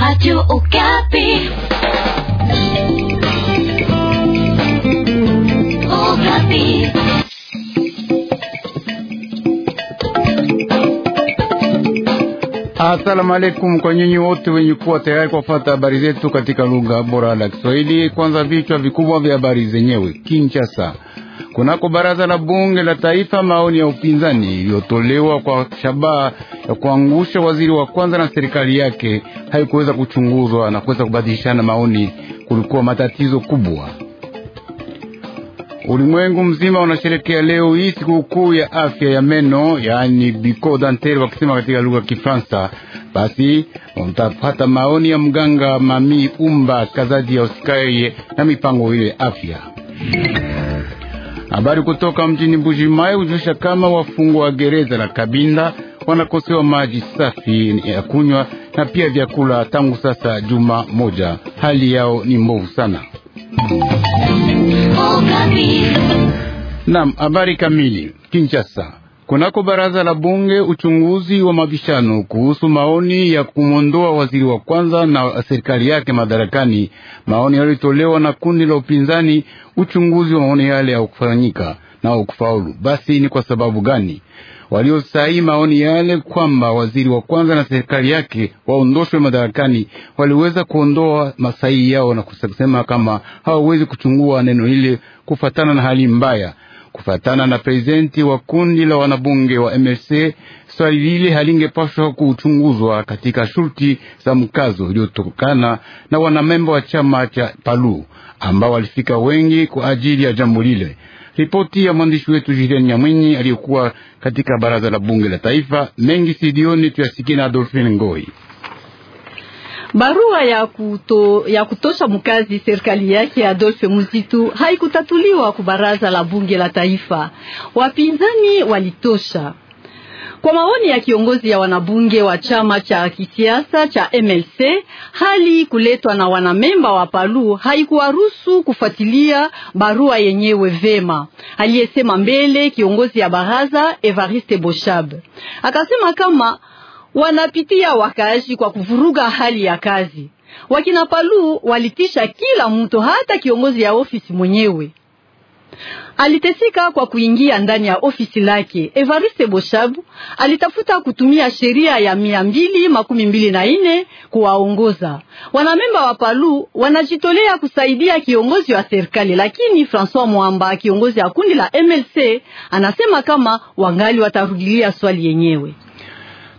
Radio Okapi. Okapi. Asalamu alaikum kwa nyinyi wote wenye kuwa tayari kufuata habari zetu katika lugha bora la Kiswahili. Kwanza vichwa vikubwa vya habari zenyewe. Kinshasa. Kunako baraza la bunge la taifa, maoni ya upinzani iliyotolewa kwa shabaha ya kuangusha waziri wa kwanza na serikali yake haikuweza kuchunguzwa na kuweza kubadilishana maoni. Kulikuwa matatizo kubwa. Ulimwengu mzima unasherekea leo hii sikukuu ya afya ya meno, yaani biko dentaire, wakisema katika lugha ya Kifaransa. Basi mtapata maoni ya mganga Mami Umba Kazadi ya usikaye na mipango ile afya. Habari kutoka mjini Mbuji Mai hujulisha kama wafungwa wa gereza la Kabinda wanakosewa maji safi ya kunywa na pia vyakula tangu sasa juma moja. Hali yao ni mbovu sana. Oh, Naam, habari kamili. Kinshasa, kunako baraza la bunge, uchunguzi wa mabishano kuhusu maoni ya kumwondoa waziri wa kwanza na serikali yake madarakani. Maoni yaliyotolewa na kundi la upinzani, uchunguzi wa maoni yale kufanyika na ukufaulu Basi ni kwa sababu gani? waliosaini maoni yale kwamba waziri wa kwanza na serikali yake waondoshwe madarakani waliweza kuondoa masaii yao na kusema kama hawawezi kuchungua neno lile kufatana na hali mbaya kufatana na prezidenti wa kundi la wanabunge wa MLC, swali lile halingepashwa kuchunguzwa katika shurti za mkazo iliyotokana na wanamemba wa chama cha Palu ambao walifika wengi kwa ajili ya jambo lile. Ripoti ya mwandishi wetu Julien Nyamwinyi aliyokuwa katika baraza la bunge la taifa. Mengi sidioni tuyasikie na Adolfine Ngoi. Barua ya, kuto, ya kutosha mkazi serikali yake Adolphe Muzitu haikutatuliwa ku baraza la bunge la taifa. Wapinzani walitosha kwa maoni ya kiongozi ya wanabunge wa chama cha kisiasa cha MLC, hali kuletwa na wanamemba wa Palu haikuwaruhusu kufuatilia barua yenyewe vema, aliyesema mbele kiongozi ya baraza Evariste Boshab. Akasema kama wanapitia wakaaji kwa kuvuruga hali ya kazi. Wakina Palu walitisha kila mtu, hata kiongozi ya ofisi mwenyewe. Alitesika kwa kuingia ndani ya ofisi lake. Evariste Boshabu alitafuta kutumia sheria ya mia mbili makumi mbili na kuwaongoza wanamemba wa Palu. Wanajitolea kusaidia kiongozi wa serikali, lakini Francois Mwamba, kiongozi wa kundi la MLC, anasema kama wangali watarudilia swali yenyewe.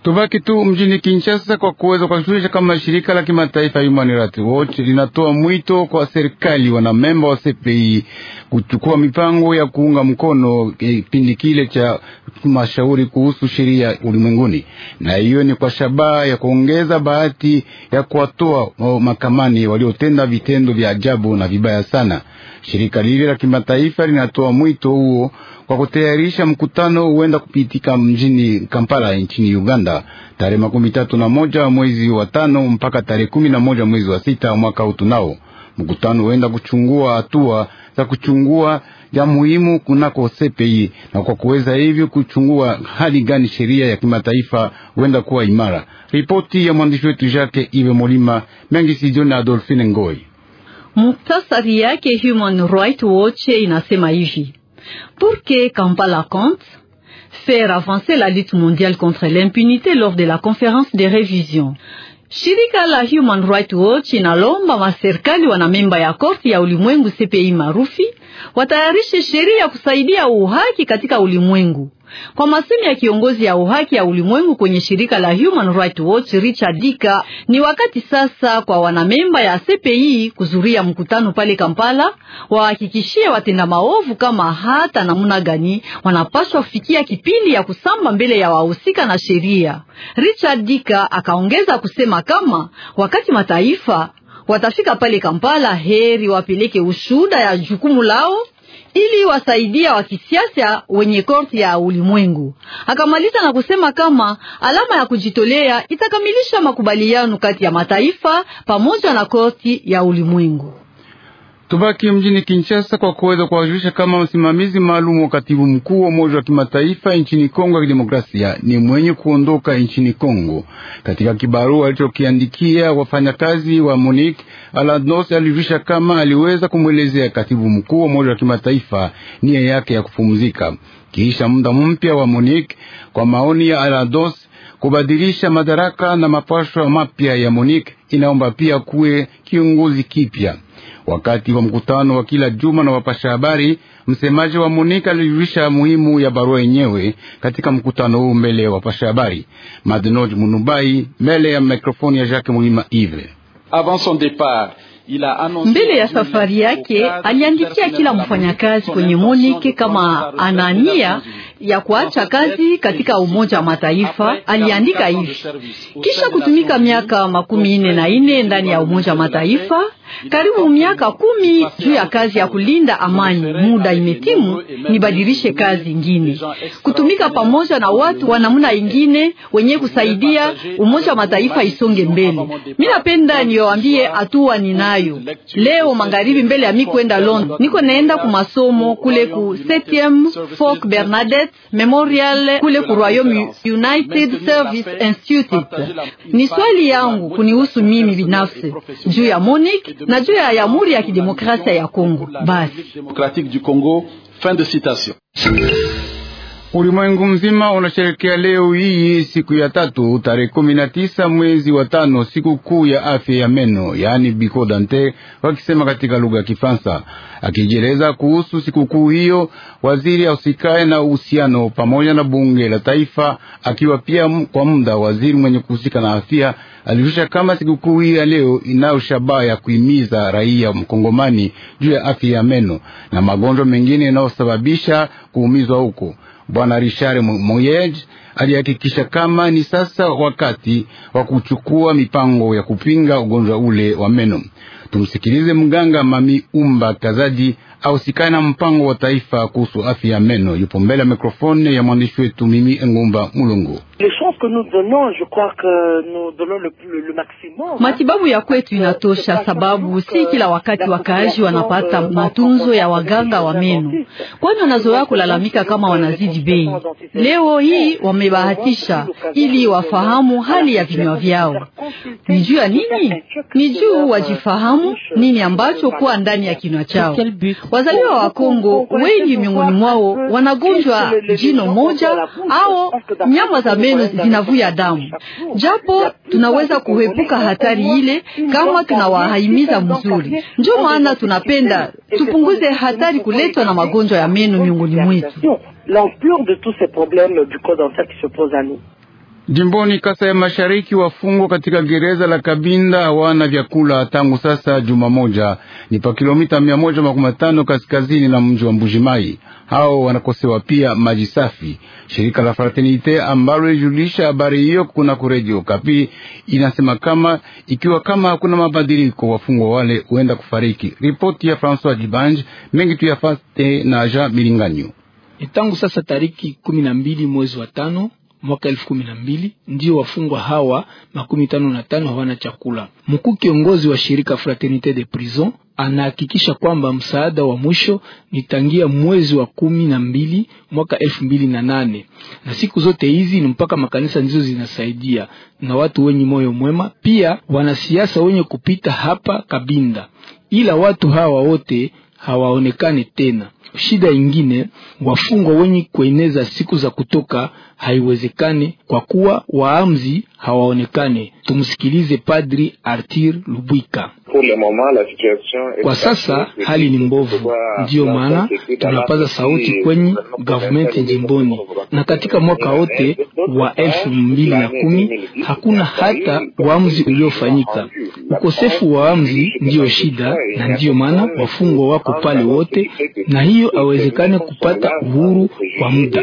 Tubaki tu mjini Kinshasa kwa kuweza kuhakikisha kama shirika la kimataifa Human Rights Watch linatoa mwito kwa serikali memba wa CPI kuchukua mipango ya kuunga mkono kipindi kile cha mashauri kuhusu sheria ulimwenguni, na hiyo ni kwa shabaha ya kuongeza bahati ya kuwatoa oh, makamani waliotenda vitendo vya ajabu na vibaya sana. Shirika lile la kimataifa linatoa mwito huo kwa kutayarisha mkutano huenda kupitika mjini Kampala nchini Uganda tarehe makumi tatu na moja mwezi wa tano mpaka tarehe kumi na moja mwezi wa sita mwaka tunao Mkutano huenda kuchungua hatua za kuchungua ya muhimu kunako CPI na kwa kuweza hivyo kuchungua hali gani sheria ya kimataifa huenda kuwa imara. Ripoti ya mwandishi wetu Jacques Ive Molima mengi sijoni na Adolfine Ngoi. Muktasari yake Human Rights Watch inasema hivi: Pour que Kampala compte faire avancer la lutte mondiale contre l'impunité lors de la conférence de révision. Shirika la Human Rights Watch inalomba maserikali wana memba ya korti ya ulimwengu CPI marufi watayarishe sheria ya kusaidia uhaki katika ulimwengu. Kwa masemi ya kiongozi ya uhaki ya ulimwengu kwenye shirika la Human Rights Watch Richard Dika, ni wakati sasa kwa wanamemba ya CPI kuzuria mkutano pale Kampala, wahakikishie watenda maovu kama hata namna gani wanapaswa kufikia kipindi ya kusamba mbele ya wahusika na sheria. Richard Dika akaongeza kusema kama wakati mataifa watafika pale Kampala, heri wapeleke ushuda ya jukumu lao ili wasaidia wa kisiasa wenye korti ya ulimwengu. Akamaliza na kusema kama alama ya kujitolea itakamilisha makubaliano kati ya mataifa pamoja na korti ya ulimwengu. Tubaki mjini Kinshasa kwa kuweza kuwajulisha kama msimamizi maalum wa katibu mkuu wa Umoja wa Kimataifa nchini Kongo ya Kidemokrasia ni mwenye kuondoka nchini Kongo. Katika kibarua alichokiandikia wafanyakazi wa Monique, alados alijulisha kama aliweza kumwelezea katibu mkuu wa Umoja wa Kimataifa nia yake ya kupumzika kisha muda mpya wa Monique kwa maoni ya Alados kubadilisha madaraka na mapasho mapya ya Monique inaomba pia kuwe kiongozi kipya. Wakati wa mkutano wa kila juma na wapasha habari, msemaji wa Monika alijulisha muhimu ya barua yenyewe katika mkutano huu mbele ya wapasha habari. Madinoj Munubai mbele ya mikrofoni ya Jacques Mulima Ive. Avant son départ mbele ya safari yake aliandikia kila mfanyakazi kwenye Monike kama anania ya kuacha kazi katika Umoja wa Mataifa. Aliandika hivi: kisha kutumika miaka makumi ine na ine ndani ya Umoja wa Mataifa, karibu miaka kumi juu ya kazi ya kulinda amani, muda imetimu nibadilishe kazi ingine, kutumika pamoja na watu wa namna ingine wenye kusaidia Umoja wa Mataifa isonge mbele. Mi napenda niwaambie hatua ninayo leo magharibi mbele ya mi kwenda London, niko naenda kumasomo kule ku 7 Fork Bernadette Memorial kule Kurwayo United Service Institute. Ni swali yangu kunihusu mimi binafsi juu ya Monique na juu ya Jamhuri ya Kidemokrasia ya Kongo. Basi. Ulimwengu mzima unasherekea leo hii siku ya tatu tarehe kumi na tisa mwezi wa tano siku kuu ya afya ya meno, yaani Biko Dante wakisema katika lugha ya Kifaransa. Akijieleza kuhusu siku kuu hiyo, waziri ausikae na uhusiano pamoja na bunge la taifa, akiwa pia kwa muda waziri mwenye kuhusika na afya, alirusha kama siku kuu hii ya leo inayo shabaha ya kuhimiza raia mkongomani juu ya afya ya meno na magonjwa mengine yanayosababisha kuumizwa huko Bwana Richard Moyej alihakikisha kama ni sasa wakati wa kuchukua mipango ya kupinga ugonjwa ule wa meno. Tumsikilize mganga Mami Umba Kazaji ausikani na mpango wa taifa kuhusu afya ya meno. Yupo mbele ya mikrofoni ya mwandishi wetu mimi Engumba Mulungu. Les que nous donnons, je crois que nous donnons le, le, le maximum. Matibabu ya kwetu euh, inatosha, sababu si kila wakati wakaaji wanapata euh, matunzo ya waganga wa meno, kwani wanazoea kulalamika kama wanazidi bei. Leo hii wamebahatisha ili wafahamu hali ya vinywa vyao. Ni juu ya nini? Ni juu euh, wajifahamu nini ambacho kuwa ndani ya kinywa chao. Wazaliwa wa Kongo wengi miongoni mwao wanagonjwa jino moja au nyama za meno zenu zinavuya damu, japo tunaweza kuhepuka hatari ile kama tunawahimiza mzuri. Ndio maana tunapenda tupunguze hatari kuletwa na magonjwa ya meno miongoni mwetu. Jimboni Kasa ya Mashariki, wafungwa katika gereza la Kabinda hawana vyakula tangu sasa juma moja. Ni pa kilomita mia moja makumi matano kaskazini na mji wa Mbujimai hao wanakosewa pia maji safi. Shirika la Fraternite ambalo lilijulisha habari hiyo kuna kuredio Kapi inasema kama ikiwa kama hakuna mabadiliko wafungwa wale huenda kufariki. Ripoti ya François Dibange mengi tuyafate na Jean Milinganyo. Tangu sasa tariki kumi na mbili mwezi wa tano mwaka elfu kumi na mbili ndio wafungwa hawa makumi tano na tano hawana chakula. Mkuu kiongozi wa shirika Fraternite de Prison anahakikisha kwamba msaada wa mwisho ni tangia mwezi wa kumi na mbili mwaka elfu mbili na nane na siku zote hizi ni mpaka makanisa ndizo zinasaidia na watu wenye moyo mwema, pia wanasiasa wenye kupita hapa Kabinda, ila watu hawa wote hawaonekane tena. Shida ingine, wafungwa wenye kueneza siku za kutoka haiwezekani kwa kuwa waamzi hawaonekane. Tumsikilize Padri Artir Lubwika. Kwa sasa hali ni mbovu, ndiyo maana tunapaza sauti kwenye gavumenti jimboni, na katika mwaka wote wa elfu mbili na kumi hakuna hata waamzi uliofanyika. Ukosefu wa waamzi ndiyo shida, na ndiyo maana wafungwa wako pale wote, na hii hiyo awezekane kupata uhuru kwa muda.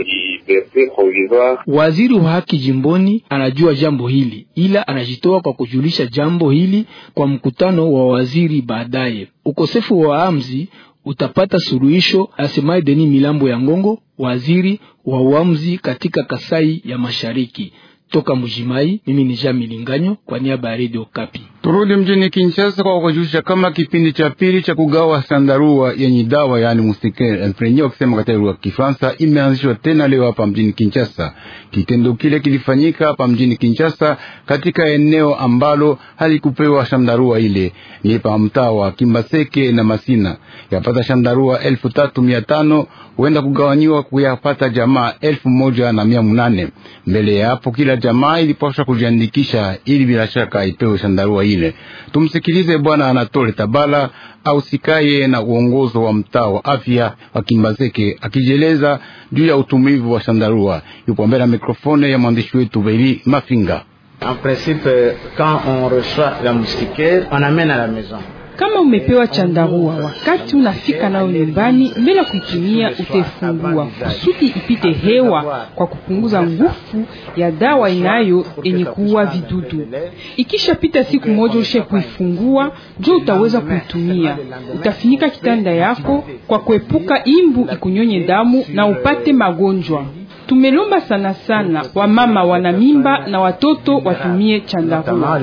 Waziri wa haki jimboni anajua jambo hili, ila anajitoa kwa kujulisha jambo hili kwa mkutano wa waziri baadaye. Ukosefu wa amzi utapata suluhisho, asemaye Deni Milambo ya Ngongo, waziri wa uamzi katika Kasai ya Mashariki. Toka Mujimai, mimi ni Jean Milinganyo kwa niaba ya Radio Kapi. Turudi mjini Kinshasa kwa kujulisha kama kipindi cha pili cha kugawa sandarua yenye dawa yani mustikere imprenye wakisema katika lugha ya Kifaransa imeanzishwa tena leo hapa mjini Kinshasa. Kitendo kile kilifanyika hapa mjini Kinshasa katika eneo ambalo halikupewa shandarua ile ni pa mtaa wa Kimbaseke na Masina. Yapata shandarua elfu tatu mia tano huenda kugawanyiwa kuyapata jamaa elfu moja na mia munane. Mbele ya hapo kila jamaa ilipaswa kujiandikisha ili bila shaka ipewe shandarua ile mwingine. Tumsikilize Bwana Anatole Tabala ausikaye na uongozo wa mtaa wa afya wa Kimbazeke akijieleza juu ya utumivu wa shandarua. Yupo mbele ya mikrofone ya mwandishi wetu Beli Mafinga. En principe, quand on reçoit la moustiquaire, on amène à la maison. Kama umepewa chandarua, wakati unafika nayo nyumbani, mbele kuitumia utaifungua kusudi ipite hewa, kwa kupunguza nguvu ya dawa inayo enye kuua vidudu. Ikishapita siku moja ushe kuifungua, jo utaweza kuitumia. Utafinika kitanda yako kwa kuepuka imbu ikunyonye damu na upate magonjwa. Tumelomba sana sana wamama wana mimba na watoto watumie chandarua.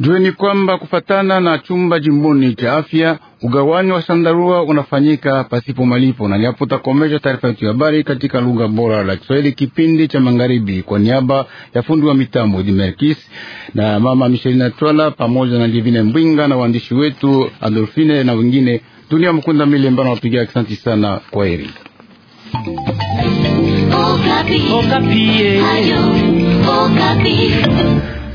Jueni kwamba kufatana na chumba jimboni cha afya, ugawanyi wa sandarua unafanyika pasipo malipo, na japo takomesha taarifa yetu ya habari katika lugha bora la Kiswahili, kipindi cha magharibi, kwa niaba ya fundi wa mitambo Dimerkis na mama Michelina Twala pamoja na Divine Mbwinga na waandishi wetu Adolfine na wengine, dunia mkunda mile mbana wapigia. Asante sana, kwa heri. Okapi. Oh, Okapi. Oh, Okapi.